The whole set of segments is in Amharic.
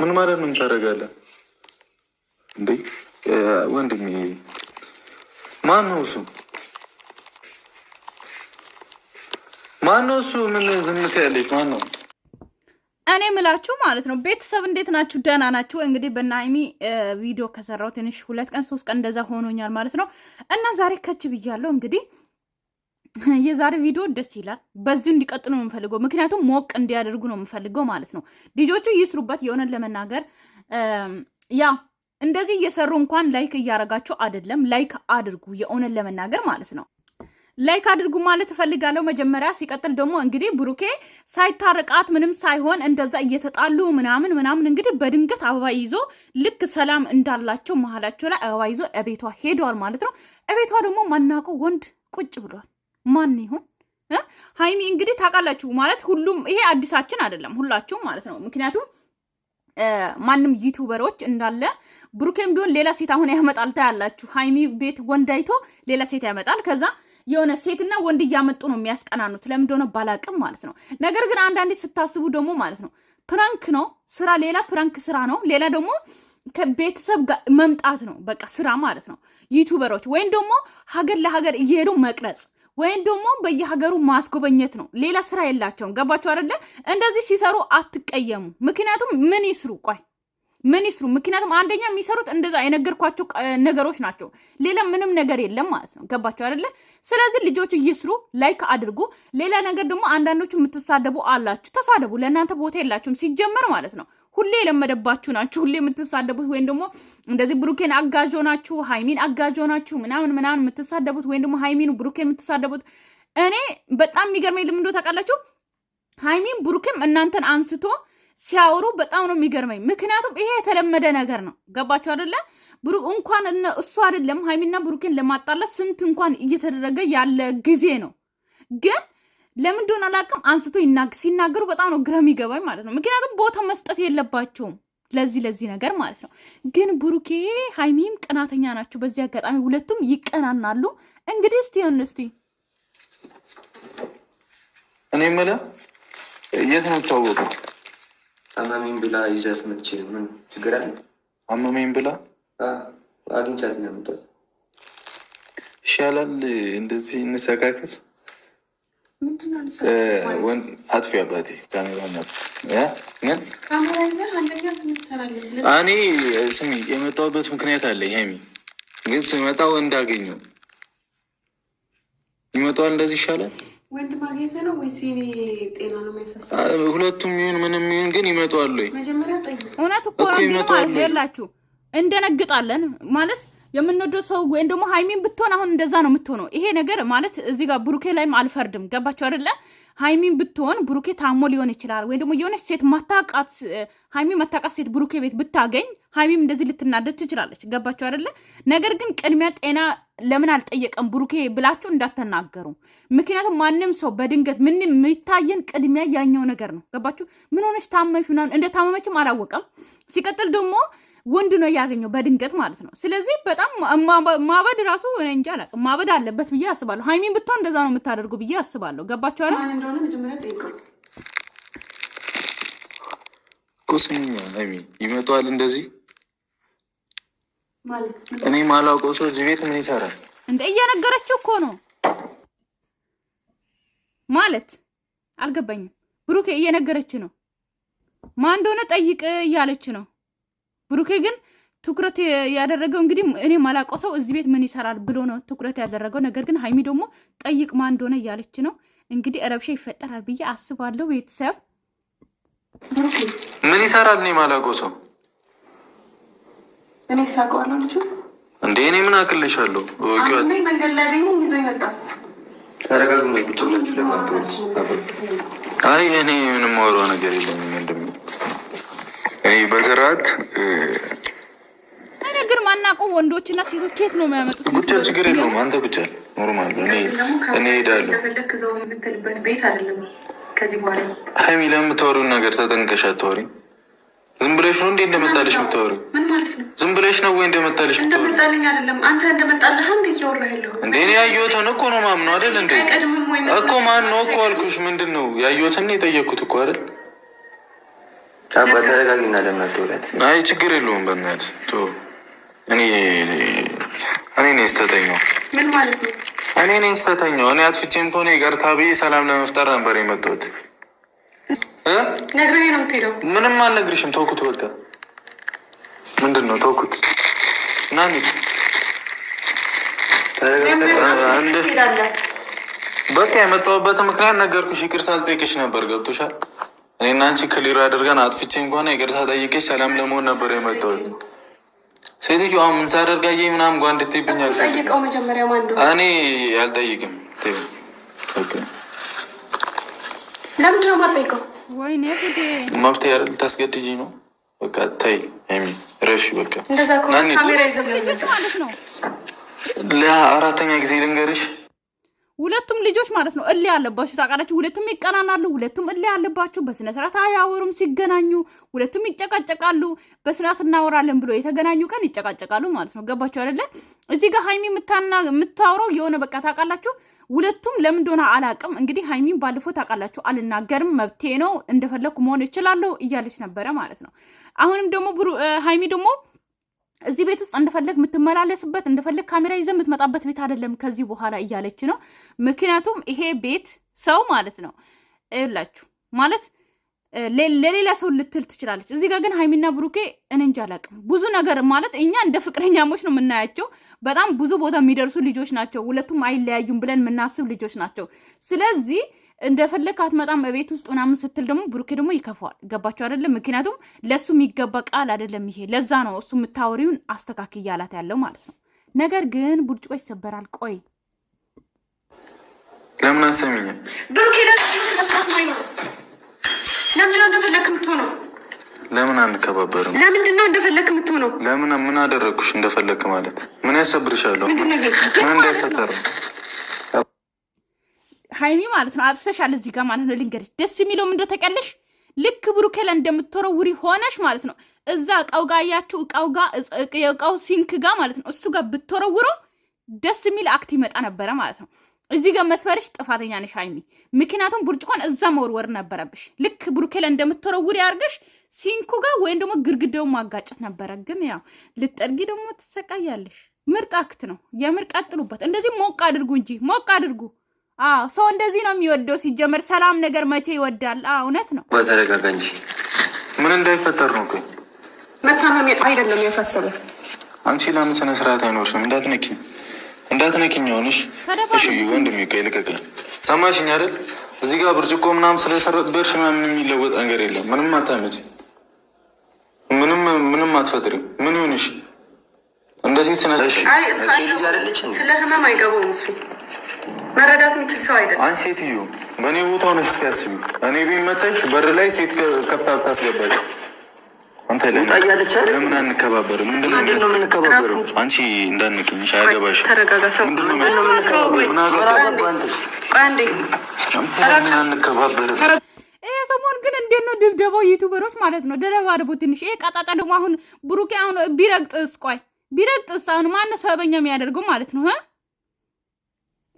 ምን ማለት ምን ታደርጋለህ እንዴ? ወንድሜ ማን ነው እሱ? ማን ነው እሱ? ምን ዝምት ያለች ማን ነው? እኔ ምላችሁ ማለት ነው ቤተሰብ እንዴት ናችሁ? ደህና ናችሁ? እንግዲህ በናይሚ ቪዲዮ ከሰራው ትንሽ ሁለት ቀን ሶስት ቀን እንደዛ ሆኖኛል ማለት ነው። እና ዛሬ ከች ብያለሁ እንግዲህ የዛሬ ቪዲዮ ደስ ይላል። በዚሁ እንዲቀጥሉ ነው የምፈልገው፣ ምክንያቱም ሞቅ እንዲያደርጉ ነው የምፈልገው ማለት ነው። ልጆቹ ይስሩበት። የሆነን ለመናገር ያ እንደዚህ እየሰሩ እንኳን ላይክ እያረጋቸው አይደለም። ላይክ አድርጉ፣ የሆነን ለመናገር ማለት ነው። ላይክ አድርጉ ማለት እፈልጋለሁ መጀመሪያ። ሲቀጥል ደግሞ እንግዲህ ብሩኬ ሳይታረቃት ምንም ሳይሆን እንደዛ እየተጣሉ ምናምን ምናምን እንግዲህ በድንገት አበባ ይዞ ልክ ሰላም እንዳላቸው መሀላቸው ላይ አበባ ይዞ እቤቷ ሄደዋል ማለት ነው። እቤቷ ደግሞ ማናውቀው ወንድ ቁጭ ብሏል። ማን ይሁን ሀይሚ እንግዲህ ታውቃላችሁ ማለት ሁሉም ይሄ አዲሳችን አይደለም፣ ሁላችሁም ማለት ነው። ምክንያቱም ማንም ዩቱበሮች እንዳለ ብሩኬም ቢሆን ሌላ ሴት አሁን ያመጣል። ታያላችሁ ሀይሚ ቤት ወንድ አይቶ ሌላ ሴት ያመጣል። ከዛ የሆነ ሴትና ወንድ እያመጡ ነው የሚያስቀናኑት። ለምን እንደሆነ ባላቅም ማለት ነው። ነገር ግን አንዳንዴ ስታስቡ ደግሞ ማለት ነው ፕራንክ ነው ስራ፣ ሌላ ፕራንክ ስራ ነው፣ ሌላ ደግሞ ከቤተሰብ ጋር መምጣት ነው። በቃ ስራ ማለት ነው ዩቱበሮች ወይም ደግሞ ሀገር ለሀገር እየሄዱ መቅረጽ ወይም ደግሞ በየሀገሩ ማስጎበኘት ነው። ሌላ ስራ የላቸውም። ገባችሁ አይደለ? እንደዚህ ሲሰሩ አትቀየሙ። ምክንያቱም ምን ይስሩ? ቆይ ምን ይስሩ? ምክንያቱም አንደኛ የሚሰሩት እንደዛ የነገርኳቸው ነገሮች ናቸው። ሌላ ምንም ነገር የለም ማለት ነው። ገባችሁ አይደለ? ስለዚህ ልጆቹ ይስሩ፣ ላይክ አድርጉ። ሌላ ነገር ደግሞ አንዳንዶቹ የምትሳደቡ አላችሁ፣ ተሳደቡ። ለእናንተ ቦታ የላችሁም ሲጀመር ማለት ነው። ሁሌ የለመደባችሁ ናችሁ። ሁሌ የምትሳደቡት ወይም ደግሞ እንደዚህ ብሩኬን አጋዦ ናችሁ፣ ሀይሚን አጋዦ ናችሁ ምናምን ምናምን የምትሳደቡት ወይም ደግሞ ሀይሚን ብሩኬን የምትሳደቡት እኔ በጣም የሚገርመኝ ልምዶ ታውቃላችሁ፣ ሀይሚን ብሩኬም እናንተን አንስቶ ሲያወሩ በጣም ነው የሚገርመኝ። ምክንያቱም ይሄ የተለመደ ነገር ነው። ገባችሁ አደለ? ብሩክ እንኳን እሱ አይደለም ሀይሚና ብሩኬን ለማጣላት ስንት እንኳን እየተደረገ ያለ ጊዜ ነው ግን ለምን እንደሆነ አላውቅም። አንስቶ ሲናገሩ በጣም ነው ግራ የሚገባኝ ማለት ነው። ምክንያቱም ቦታ መስጠት የለባቸውም ለዚህ ለዚህ ነገር ማለት ነው። ግን ብሩኬ ሀይሚም ቀናተኛ ናቸው። በዚህ አጋጣሚ ሁለቱም ይቀናናሉ። እንግዲህ እስቲ ሆን እስቲ እኔ የምልህ የት ነው የምታወቁት? አማሜን ብላ ይዘት መቼ ምን ችግር አለ? አማሜን ብላ አግኝቻት ነው ያመጣት ይሻላል እንደዚህ እንሰካከስ አጥፊ አባቴ ምን እኔ ስሚ፣ የመጣሁበት ምክንያት አለ ሀይሚ ግን ስመጣው እንዳገኘው ይመጣዋል። እንደዚህ ይሻላል። ወንድ ማግኘት ነው ወይስ ጤና ነው የሚያሳስበው? ሁለቱም ይሁን ምንም ይሁን ግን ይመጣዋል ወይ? እውነት እኮ እንደነግጣለን ማለት የምንወደው ሰው ወይም ደግሞ ሀይሚን ብትሆን አሁን እንደዛ ነው የምትሆነው። ይሄ ነገር ማለት እዚህ ጋር ብሩኬ ላይም አልፈርድም። ገባችሁ አይደለ? ሀይሚን ብትሆን ብሩኬ ታሞ ሊሆን ይችላል፣ ወይም ደግሞ የሆነች ሴት ማታቃት ሀይሚ ማታቃት ሴት ብሩኬ ቤት ብታገኝ ሀይሚም እንደዚህ ልትናደድ ትችላለች። ገባችሁ አይደለ? ነገር ግን ቅድሚያ ጤና ለምን አልጠየቀም ብሩኬ ብላችሁ እንዳትናገሩ። ምክንያቱም ማንም ሰው በድንገት ምን የሚታየን ቅድሚያ ያኛው ነገር ነው። ገባችሁ? ምን ሆነች ታመሽ እንደ ታመመችም አላወቀም። ሲቀጥል ደግሞ ወንድ ነው ያገኘው በድንገት ማለት ነው። ስለዚህ በጣም ማበድ ራሱ እንጃ አላውቅም፣ ማበድ አለበት ብዬ አስባለሁ። ሀይሚን ብታ እንደዛ ነው የምታደርጉ ብዬ አስባለሁ። ገባቸው አለ ይመጣል እንደዚህ እኔ ማላውቀው ሰው እዚህ ቤት ምን ይሰራል እንደ እየነገረችው እኮ ነው ማለት አልገባኝም። ብሩክ እየነገረች ነው ማን እንደሆነ ጠይቅ እያለች ነው ብሩኬ ግን ትኩረት ያደረገው እንግዲህ እኔ ማላውቀው ሰው እዚህ ቤት ምን ይሰራል ብሎ ነው ትኩረት ያደረገው። ነገር ግን ሀይሚ ደግሞ ጠይቅ ማን እንደሆነ እያለች ነው። እንግዲህ ረብሻ ይፈጠራል ብዬ አስባለሁ። ቤተሰብ ምን ይሰራል? እኔ ማላውቀው ሰው እኔ ሳቀዋለሁ። ልጁ እንዴ እኔ ምን አክልሻለሁ? መንገድ ላይ አገኘኝ ይዞ ይመጣል። ተረጋግሞ ብትላችሁ ለማለት አይ እኔ ምንም ወሮ ነገር የለኝም ወንድሜ እኔ በስርዓት ነገር ማናውቀው ወንዶችና ሴቶች ኬት ነው የሚያመጡት? ብቻ ችግር የለውም። አንተ ብቻ ኖርማል ነው። እኔ እሄዳለሁ። ሀይሚ ለምታወሪውን ነገር ተጠንቀሽ አታወሪ። ዝም ብለሽ ነው እንዴ እንደመጣልሽ የምታወሪው? ዝም ብለሽ ነው ወይ እንደመጣልሽ እንደመጣልኝ አይደለም። አንተ እንደመጣልህ አንድ እያወራ ያለሁ እንዴ እኔ ያየሁትን እኮ ነው ማምነው አይደል እንዴ እኮ ማን ነው እኮ አልኩሽ። ምንድን ነው ያየሁትን ነው እኮ አይደል ተረጋጊና ለምን አይ ችግር የለውም በእናትህ እኔ እኔ ነኝ ምን ማለት ነው? እኔ ነኝ እኔ ከሆነ ይቅርታ ብዬ ሰላም ለመፍጠር ነበር የመጣሁት። ነግሬ ነው የምትሄደው? ምንም አልነግርሽም። ተውኩት፣ በቃ ምንድን ነው ተውኩት። በቃ የመጣሁበት ምክንያት ነገርኩሽ። ይቅርታ ነበር። ገብቶሻል? እኔና አንቺ ክሊር አድርገን አጥፍቼ እንኳን ይቅርታ ጠይቄ ሰላም ለመሆን ነበር የመጣሁት። ሴትዮ አሁን ምን ሳደርጋየ ምናምን ጓ እንድትይብኝ አልፈልግም። እኔ አልጠይቅም። ለምንድነው ማጠይቀው? መብት ያለ ልታስገድጂ ነው። በቃ ታይ ሚ ረሽ በቃ ለአራተኛ ጊዜ ልንገርሽ ሁለቱም ልጆች ማለት ነው እልህ ያለባችሁ ታውቃላችሁ። ሁለቱም ይቀናናሉ። ሁለቱም እልህ ያለባችሁ በስነስርት አያወሩም ሲገናኙ። ሁለቱም ይጨቃጨቃሉ። በስርዓት እናወራለን ብሎ የተገናኙ ቀን ይጨቃጨቃሉ ማለት ነው። ገባችሁ አይደለ? እዚህ ጋር ሀይሚ የምታወራው የሆነ በቃ ታውቃላችሁ። ሁለቱም ለምን እንደሆነ አላቅም። እንግዲህ ሀይሚን ባለፈው ታውቃላችሁ፣ አልናገርም መብቴ ነው እንደፈለግኩ መሆን እችላለሁ እያለች ነበረ ማለት ነው። አሁንም ደግሞ ሀይሚ ደግሞ እዚህ ቤት ውስጥ እንደፈለግ የምትመላለስበት እንደፈለግ ካሜራ ይዘ የምትመጣበት ቤት አይደለም ከዚህ በኋላ እያለች ነው። ምክንያቱም ይሄ ቤት ሰው ማለት ነው ላችሁ ማለት ለሌላ ሰው ልትል ትችላለች። እዚህ ጋር ግን ሀይሚና ብሩኬ እንንጃ አላውቅም። ብዙ ነገር ማለት እኛ እንደ ፍቅረኛሞች ነው የምናያቸው። በጣም ብዙ ቦታ የሚደርሱ ልጆች ናቸው። ሁለቱም አይለያዩም ብለን የምናስብ ልጆች ናቸው። ስለዚህ እንደፈለግ አትመጣም እቤት ውስጥ ምናምን ስትል ደግሞ ብሩኬ ደግሞ ይከፋዋል። ገባቸው አይደለም? ምክንያቱም ለእሱ የሚገባ ቃል አይደለም ይሄ። ለዛ ነው እሱ የምታወሪውን አስተካክ እያላት ያለው ማለት ነው። ነገር ግን ቡርጭቆ ይሰበራል። ቆይ ለምን አትሰሚኝም? ብሩኬ ለምን እንደፈለክ የምትሆነው? ለምን አንከባበርም? ለምንድን ነው እንደፈለክ የምትሆነው? ለምን ምን አደረግኩሽ? እንደፈለክ ማለት ምን ያሰብርሻለሁ? ምን እንደፈጠረ ሀይሚ ማለት ነው አጥፍተሻል። እዚህ ጋር ማለት ነው ልንገርሽ፣ ደስ የሚለው ምንዶ ተቀለሽ ልክ ብሩኬ ላይ እንደምትወረውሪ ሆነሽ ማለት ነው እዛ እቃው ጋር እያችሁ እቃው ጋር እቃው ሲንክ ጋር ማለት ነው እሱ ጋር ብትወረውሮ ደስ የሚል አክት ይመጣ ነበረ ማለት ነው። እዚህ ጋር መስፈርሽ ጥፋተኛ ነሽ ሀይሚ፣ ምክንያቱም ብርጭቆን እዛ መወርወር ነበረብሽ። ልክ ብሩኬ ላይ እንደምትወረውሪ አድርገሽ ሲንኩ ጋር ወይም ደግሞ ግርግዳው ማጋጨት ነበረ። ግን ያው ልጠርጊ ደግሞ ትሰቃያለሽ። ምርጥ አክት ነው የምር ቀጥሉበት። እንደዚህ ሞቅ አድርጉ እንጂ ሞቅ አድርጉ። አዎ ሰው እንደዚህ ነው የሚወደው። ሲጀመር ሰላም ነገር መቼ ይወዳል? እውነት ነው። በተረጋጋ እንጂ ምን እንዳይፈጠር ነው። ግን መታመም አይደለም ያሳሰበ። አንቺ ለምን ስነ ስርዓት አይኖርሽም? እንዳትነኪ እንዳትነኪኝ ሆንሽ። እሺ ወንድሜ ቆይ ልቀቀኝ። ሰማሽኝ አይደል? እዚህ ጋር ብርጭቆ ምናምን ስለሰረበርሽ ምናምን የሚለወጥ ነገር የለም። ምንም አታመጪ፣ ምንም ምንም አትፈጥሪም። ምን ይሆንሽ እንደዚህ ስነ ስለ ህመም አይገባውም እሱ መረዳት ምችል ሰው አይደለም። አንድ ሴትዮ በእኔ ቦታ እኔ ቤት በር ላይ ሴት ከፍታ ብታስገባች አንተ ለምን ታያለች? አንቺ አያገባሽ። ሰሞን ግን እንዴት ነው ድብደባው? ዩቱበሮች ማለት ነው ትንሽ። ይሄ ቀጣጣ ደግሞ አሁን ብሩኬ አሁን ቢረግጥስ? ቆይ ቢረግጥስ? አሁን ማነው ሰበኛ የሚያደርገው ማለት ነው?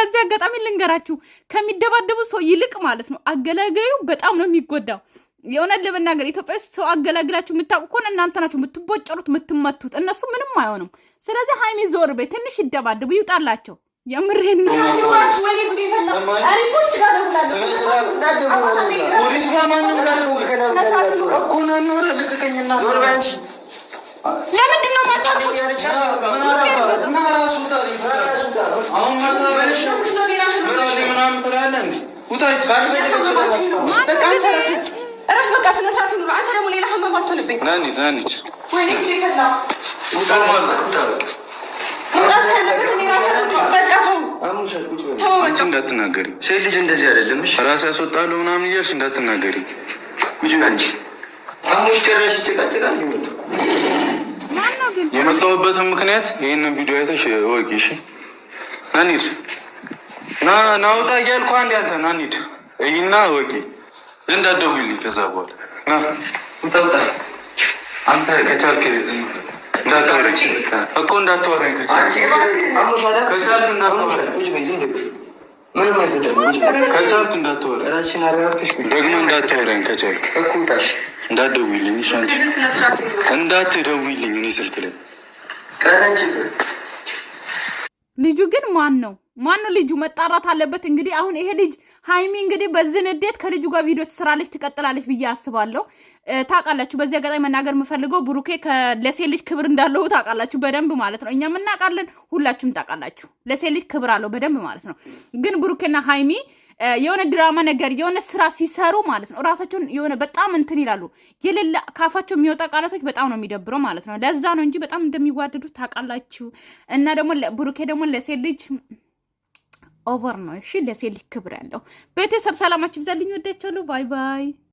በዚህ አጋጣሚ ልንገራችሁ ከሚደባደቡ ሰው ይልቅ ማለት ነው አገላገዩ በጣም ነው የሚጎዳው። የእውነት ለመናገር ኢትዮጵያ ውስጥ ሰው አገላግላችሁ የምታውቁ ከሆነ እናንተ ናችሁ የምትቦጨሩት፣ የምትመቱት። እነሱ ምንም አይሆንም። ስለዚህ ሀይሚ ዞር ቤት ትንሽ ይደባደቡ ይውጣላቸው። የምሬን ነው ለምንድን ነው የማታርፉት? እረፍ በቃ ስነ ስርዓት ይኑር። አንተ ደግሞ ሌላ ህመም አትሆንብኝ። እንዳትናገሪ ሴት ልጅ እንደዚህ አይደለም። ራሴ ያስወጣለሁ ምናምን እያልሽ እንዳትናገሪ። የመጣሁበትን ምክንያት ይህንን ቪዲዮ አይተሽ ወቂ። እሺ ናኒድ ና ናውጣ እያልኩ አንድ ያንተ ናኒድ እይና ወቂ። እንዳደውልኝ ከዛ በኋላ አንተ ከቻልክ እንዳታወራኝ እኮ ከቻልክ ደግሞ እንዳታወራኝ ከቻልክ እንዳትደውይልኝ እንዳትደውይልኝ፣ እኔ ስልክ ላይ ልጁ ግን ማን ነው ማን ነው ልጁ መጣራት አለበት። እንግዲህ አሁን ይሄ ልጅ ሀይሚ እንግዲህ በዚህ ንዴት ከልጁ ጋር ቪዲዮ ትስራለች ትቀጥላለች ብዬ አስባለሁ። ታውቃላችሁ፣ በዚህ አጋጣሚ መናገር የምፈልገው ብሩኬ ለሴት ልጅ ክብር እንዳለው ታውቃላችሁ በደንብ ማለት ነው። እኛም እናውቃለን፣ ሁላችሁም ታውቃላችሁ። ለሴ ልጅ ክብር አለው በደንብ ማለት ነው። ግን ብሩኬና ሀይሚ የሆነ ድራማ ነገር የሆነ ስራ ሲሰሩ ማለት ነው ራሳቸውን የሆነ በጣም እንትን ይላሉ። የሌለ ካፋቸው የሚወጣ ቃላቶች በጣም ነው የሚደብረው ማለት ነው። ለዛ ነው እንጂ በጣም እንደሚዋደዱ ታውቃላችሁ። እና ደግሞ ብሩኬ ደግሞ ለሴት ልጅ ኦቨር ነው። እሺ ለሴት ልጅ ክብር ያለው ቤተሰብ ሰላማችሁ ብዛልኝ። ወዳችኋለሁ። ባይ ባይ